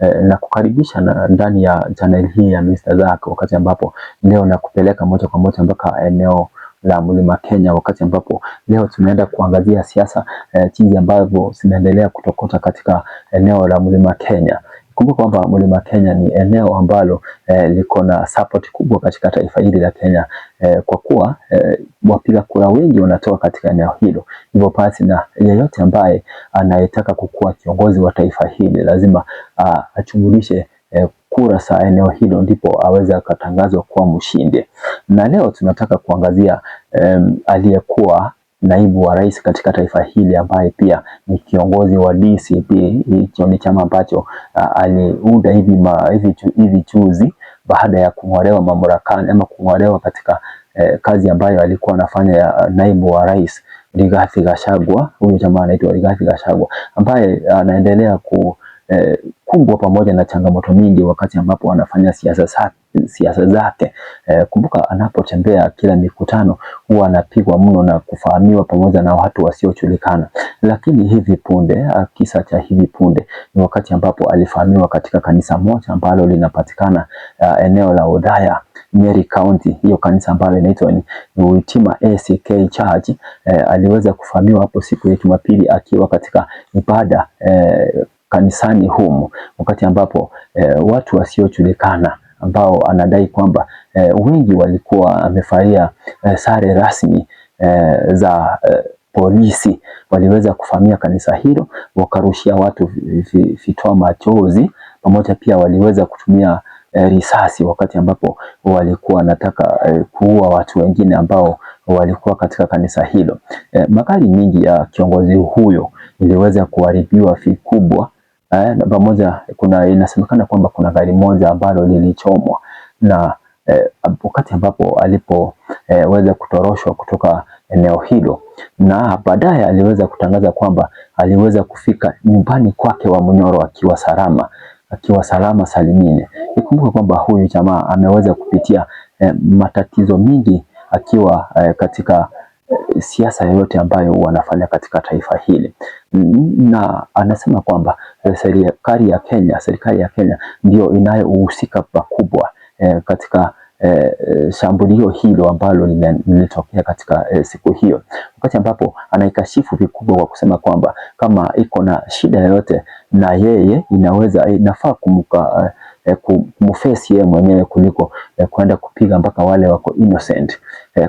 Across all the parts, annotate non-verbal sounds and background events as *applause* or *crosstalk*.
Eh, na kukaribisha na ndani ya channel hii ya Mr. Zack, wakati ambapo leo nakupeleka moja kwa moja mpaka eneo la Mlima Kenya, wakati ambapo leo tunaenda kuangazia siasa eh, jinsi ambavyo zinaendelea kutokota katika eneo la Mlima Kenya. Kumbuka kwamba mlima Kenya ni eneo ambalo eh, liko na support kubwa katika taifa hili la Kenya eh, kwa kuwa eh, wapiga kura wengi wanatoka katika eneo hilo. Hivyo basi na yeyote ambaye anayetaka kukuwa kiongozi wa taifa hili lazima ah, achungulishe eh, kura za eneo hilo ndipo aweze akatangazwa kuwa mshindi. Na leo tunataka kuangazia eh, aliyekuwa naibu wa rais katika taifa hili ambaye pia ni kiongozi wa DCP. Hicho ni chama ambacho aliunda hivi hivi juzi baada ya kung'olewa mamlakani ama kung'olewa katika eh, kazi ambayo alikuwa anafanya ya naibu wa rais Rigathi Gachagua. Huyu jamaa anaitwa Rigathi Gachagua ambaye anaendelea ku eh, kubwa pamoja na changamoto nyingi wakati ambapo anafanya siasa siasa zake. Eh, kumbuka anapotembea kila mikutano huwa anapigwa mno na kufahamiwa pamoja na watu wasiojulikana, lakini hivi punde, ah, kisa cha hivi punde ni wakati ambapo alifahamiwa katika kanisa moja ambalo linapatikana uh, eneo la Udhaya Nyeri County, hiyo kanisa ambalo inaitwa ni Uitima ACK Church. Eh, aliweza kufahamiwa hapo siku ya Jumapili akiwa katika ibada eh, kanisani humu, wakati ambapo eh, watu wasiojulikana ambao anadai kwamba eh, wengi walikuwa wamefaria eh, sare rasmi eh, za eh, polisi waliweza kufamia kanisa hilo, wakarushia watu vitoa machozi, pamoja pia waliweza kutumia e, risasi wakati ambapo walikuwa wanataka e, kuua watu wengine ambao walikuwa katika kanisa hilo. E, eh, magari mingi ya kiongozi huyo iliweza kuharibiwa vikubwa eh, na pamoja kuna inasemekana kwamba kuna gari moja ambalo lilichomwa na eh, wakati ambapo alipoweza eh, kutoroshwa kutoka eneo hilo, na baadaye aliweza kutangaza kwamba aliweza kufika nyumbani kwake wa Munyoro akiwa salama akiwa salama salimini Ikumbuka kwamba huyu jamaa ameweza kupitia eh, matatizo mingi akiwa eh, katika siasa yoyote ambayo wanafanya katika taifa hili, na anasema kwamba eh, serikali ya Kenya, serikali ya Kenya ndio inayohusika pakubwa eh, katika eh, shambulio hilo ambalo lilitokea katika eh, siku hiyo, wakati ambapo anaikashifu vikubwa kwa kusema kwamba kama iko na shida yoyote na yeye inaweza eh, inafaa kumuka eh, yeye eh, mwenyewe kuliko eh, kwenda kupiga mpaka wale wako innocent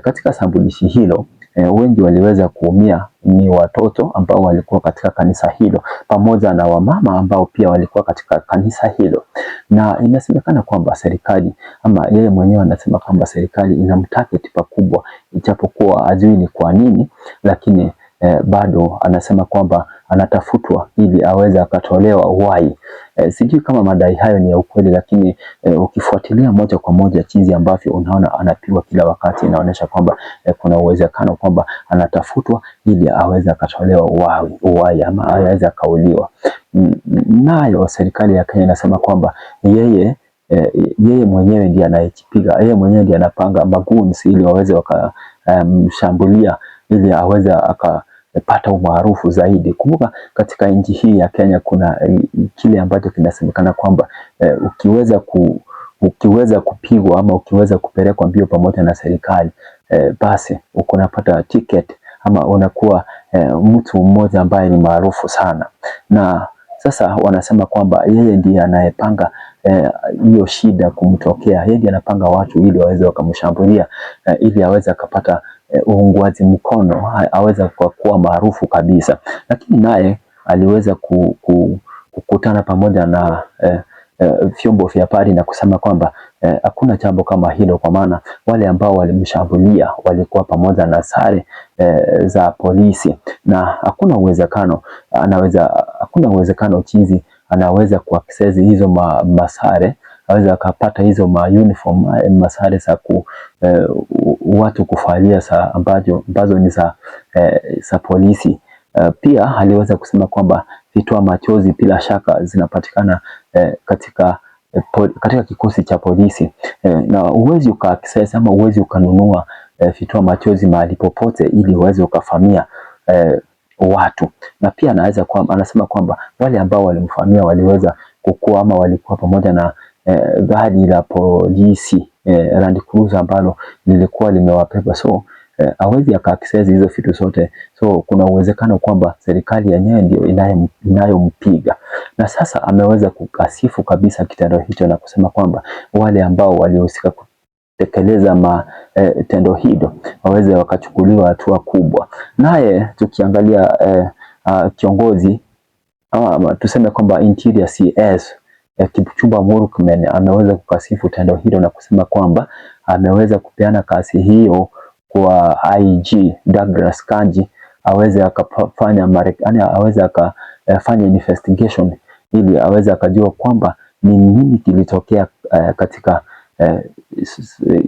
katika shambulishi hilo e, wengi waliweza kuumia ni watoto ambao walikuwa katika kanisa hilo pamoja na wamama ambao pia walikuwa katika kanisa hilo, na inasemekana kwamba serikali ama yeye mwenyewe anasema kwamba serikali ina mtaketi pakubwa, ijapokuwa ajui ni kwa nini, lakini eh, bado anasema kwamba anatafutwa ili aweze akatolewa uhai. Eh, sijui kama madai hayo ni ya ukweli, lakini eh, ukifuatilia moja kwa moja jinsi ambavyo unaona anapigwa kila wakati, inaonyesha kwamba eh, kuna uwezekano kwamba anatafutwa ili aweze akatolewa uhai uhai ama aweze akauliwa. Mm, nayo serikali ya Kenya inasema kwamba yeye E, yeye mwenyewe ndiye anayejipiga, yeye mwenyewe ndiye anapanga magunzi ili waweze wakamshambulia eh, um, ili aweze aka amepata umaarufu zaidi. Kumbuka katika nchi hii ya Kenya kuna eh, kile ambacho kinasemekana kwamba eh, ukiweza ku, ukiweza kupigwa ama ukiweza kupelekwa mbio pamoja na serikali e, basi unapata ticket ama unakuwa e, mtu mmoja ambaye ni maarufu sana na sasa wanasema kwamba yeye ndiye anayepanga hiyo eh, shida kumtokea. Yeye ndiye anapanga watu ili waweze wakamshambulia eh, ili aweze akapata Eh, uunguaji mkono, aweza kuwa maarufu kabisa, lakini naye aliweza ku, ku, kukutana pamoja na eh, eh, vyombo eh, vya habari na kusema kwamba hakuna eh, jambo kama hilo, kwa maana wale ambao walimshambulia walikuwa pamoja na sare eh, za polisi na hakuna uwezekano anaweza, hakuna uwezekano chizi anaweza kuaksesi hizo ma, masare aweze akapata hizo ma uniform eh, masare za ku, eh, watu kufalia sa ambazo ambazo ni za eh, za polisi. Uh, pia aliweza kusema kwamba vitoa machozi bila shaka zinapatikana eh, katika eh, po, katika kikosi cha polisi e, na uwezi ukakisasa ama uwezi ukanunua e, vitoa machozi mahali popote ili uweze ukafamia e, watu na pia anaweza kwa, anasema kwamba wale ambao walimfamia waliweza kukua ama walikuwa pamoja na eh, gari la polisi eh, Land Cruiser ambalo lilikuwa limewapepa so eh, awezi akaakses hizo vitu zote so kuna uwezekano kwamba serikali yenyewe ndio inayompiga, na sasa ameweza kukasifu kabisa kitendo hicho na kusema kwamba wale ambao walihusika tekeleza matendo eh, hilo waweze wakachukuliwa hatua kubwa. Naye tukiangalia eh, uh, kiongozi ama, tuseme kwamba interior CS ya Kipchumba Murkomen ameweza kukasifu tendo hilo na kusema kwamba ameweza kupeana kasi hiyo kwa IG Douglas Kanji aweze akafanya Marekani aweze akafanya eh, investigation ili aweze akajua kwamba ni nini kilitokea uh, katika uh,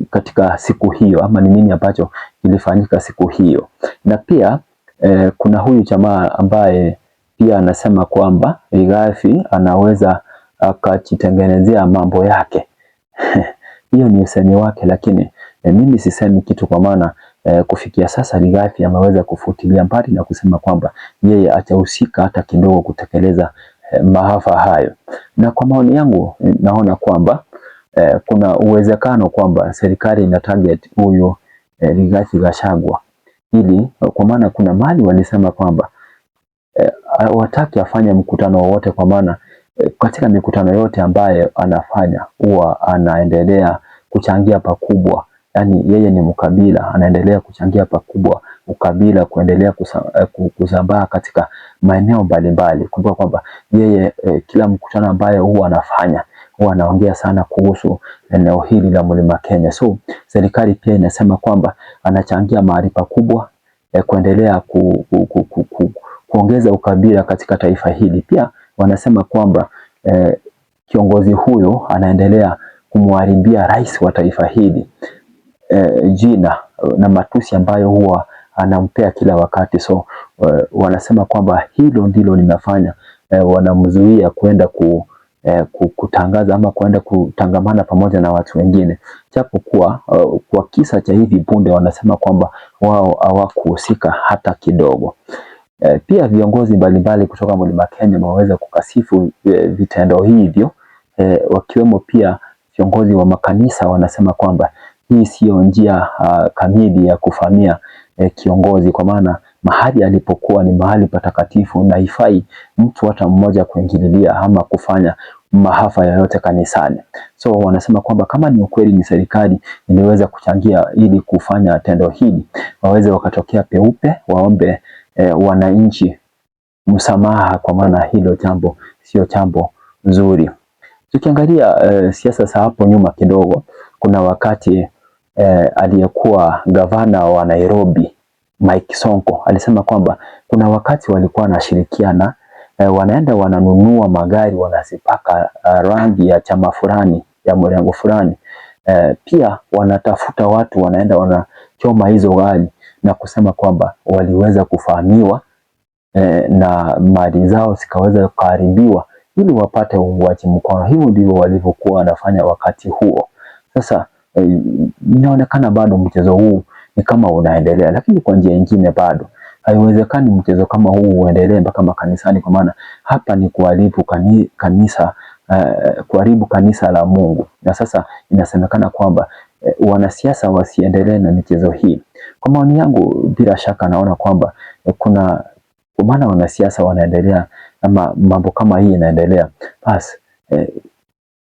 katika siku hiyo ama ni nini ambacho kilifanyika siku hiyo. Na pia uh, kuna huyu jamaa ambaye pia anasema kwamba Rigathi anaweza akajitengenezea mambo yake *laughs* hiyo ni usemi wake, lakini eh, mimi sisemi kitu kwa maana eh, kufikia sasa Rigathi ameweza kufutilia mbali na kusema kwamba yeye atahusika hata kidogo kutekeleza eh, maafa hayo, na kwa maoni yangu eh, naona kwamba eh, kuna uwezekano kwamba serikali ina target huyo eh, Rigathi Gachagua ili kwa maana kuna mali walisema kwamba eh, wataki afanye mkutano wowote kwa maana katika mikutano yote ambayo anafanya huwa anaendelea kuchangia pakubwa, yani yeye ni mkabila, anaendelea kuchangia pakubwa ukabila kuendelea eh, kusambaa katika maeneo mbalimbali. Kumbuka kwamba yeye eh, kila mkutano ambayo huwa anafanya huwa anaongea sana kuhusu eneo hili la Mlima Kenya. So serikali pia inasema kwamba anachangia mahali pakubwa eh, kuendelea ku, ku, ku, ku, ku, kuongeza ukabila katika taifa hili pia wanasema kwamba eh, kiongozi huyo anaendelea kumharibia rais wa taifa hili eh, jina na matusi ambayo huwa anampea kila wakati. So eh, wanasema kwamba hilo ndilo limefanya eh, wanamzuia kwenda ku Eh, kutangaza ama kuenda kutangamana pamoja na watu wengine, japo kuwa uh, eh, kwa kisa cha hivi punde wanasema kwamba wao hawakuhusika hata kidogo. E, pia viongozi mbalimbali kutoka mlima Kenya wameweza kukasifu e, vitendo hivyo e, wakiwemo pia viongozi wa makanisa wanasema kwamba hii siyo njia a, ah, kamili ya kufamia e, kiongozi kwa maana mahali alipokuwa ni mahali patakatifu na haifai mtu hata mmoja kuingililia ama kufanya mahafa yoyote kanisani. So wanasema kwamba kama ni ukweli ni serikali iliweza kuchangia ili kufanya tendo hili, waweze wakatokea peupe, waombe e, wananchi msamaha, kwa maana hilo jambo sio jambo nzuri. Tukiangalia e, siasa za hapo nyuma kidogo, kuna wakati e, aliyekuwa gavana wa Nairobi Mike Sonko alisema kwamba kuna wakati walikuwa wanashirikiana e, wanaenda wananunua magari wanazipaka rangi ya chama fulani ya mrengo fulani e, pia wanatafuta watu wanaenda wanachoma hizo gari na kusema kwamba waliweza kufahamiwa e, na mali zao zikaweza kuharibiwa ili wapate uungwaji mkono. Hivyo ndivyo walivyokuwa wanafanya wakati huo. Sasa e, inaonekana bado mchezo huu ni kama unaendelea, lakini kwa njia nyingine bado haiwezekani mchezo kama huu uendelee mpaka makanisani, kwa maana hapa ni kuharibu kani, kanisa uh, kuharibu kanisa la Mungu. Na sasa inasemekana kwamba uh, wanasiasa wasiendelee na michezo hii. Kwa maoni yangu, bila shaka naona kwamba kuna maana wanasiasa wanaendelea ama mambo kama hii inaendelea basi eh,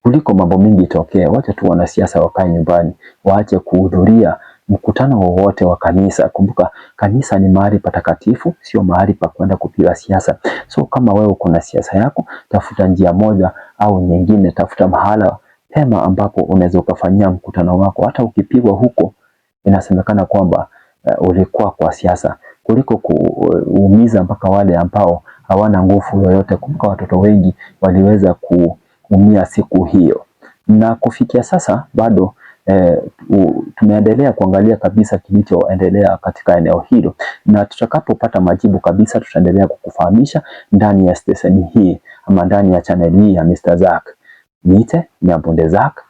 kuliko mambo mingi itokee, wacha tu wanasiasa wakae nyumbani, waache kuhudhuria mkutano wowote wa kanisa. Kumbuka kanisa ni mahali patakatifu, sio mahali pa kwenda kupiga siasa. So kama wewe uko na siasa yako, tafuta njia moja au nyingine, tafuta mahala pema ambapo unaweza ukafanyia mkutano wako, hata ukipigwa huko inasemekana kwamba uh, ulikuwa kwa siasa kuliko kuumiza eh, mpaka wale ambao hawana nguvu yoyote. Kumbuka watoto wengi waliweza kuumia siku hiyo, na kufikia sasa bado eh, tumeendelea kuangalia kabisa kilichoendelea katika eneo hilo, na tutakapopata majibu kabisa tutaendelea kukufahamisha ndani ya stesheni hii ama ndani ya chaneli hii ya Mr. Zack. Niite Nyabunde Zack.